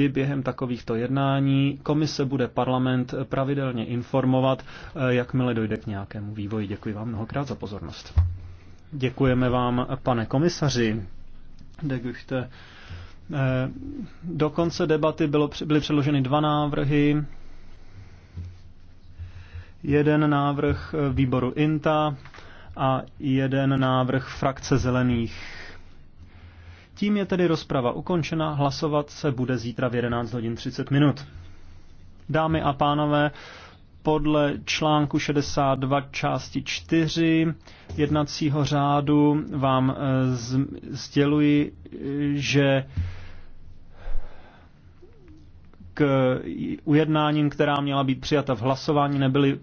vždy během takovýchto jednání komise bude parlament pravidelně informovat, eh, jakmile dojde k nějakému vývoji. Děkuji vám mnohokrát za pozornost. Děkujeme vám, pane komisaři. De eh, Do konce debaty bylo, byly předloženy dva návrhy. Jeden návrh eh, výboru INTA a jeden návrh frakce zelených. Tím je tedy rozprava ukončena, hlasovat se bude zítra v 11 hodin 30 minut. Dámy a pánové, podle článku 62 části 4 jednacího řádu vám eh, sděluji, eh, že k ujednáním, která měla být přijata v hlasování, nebyly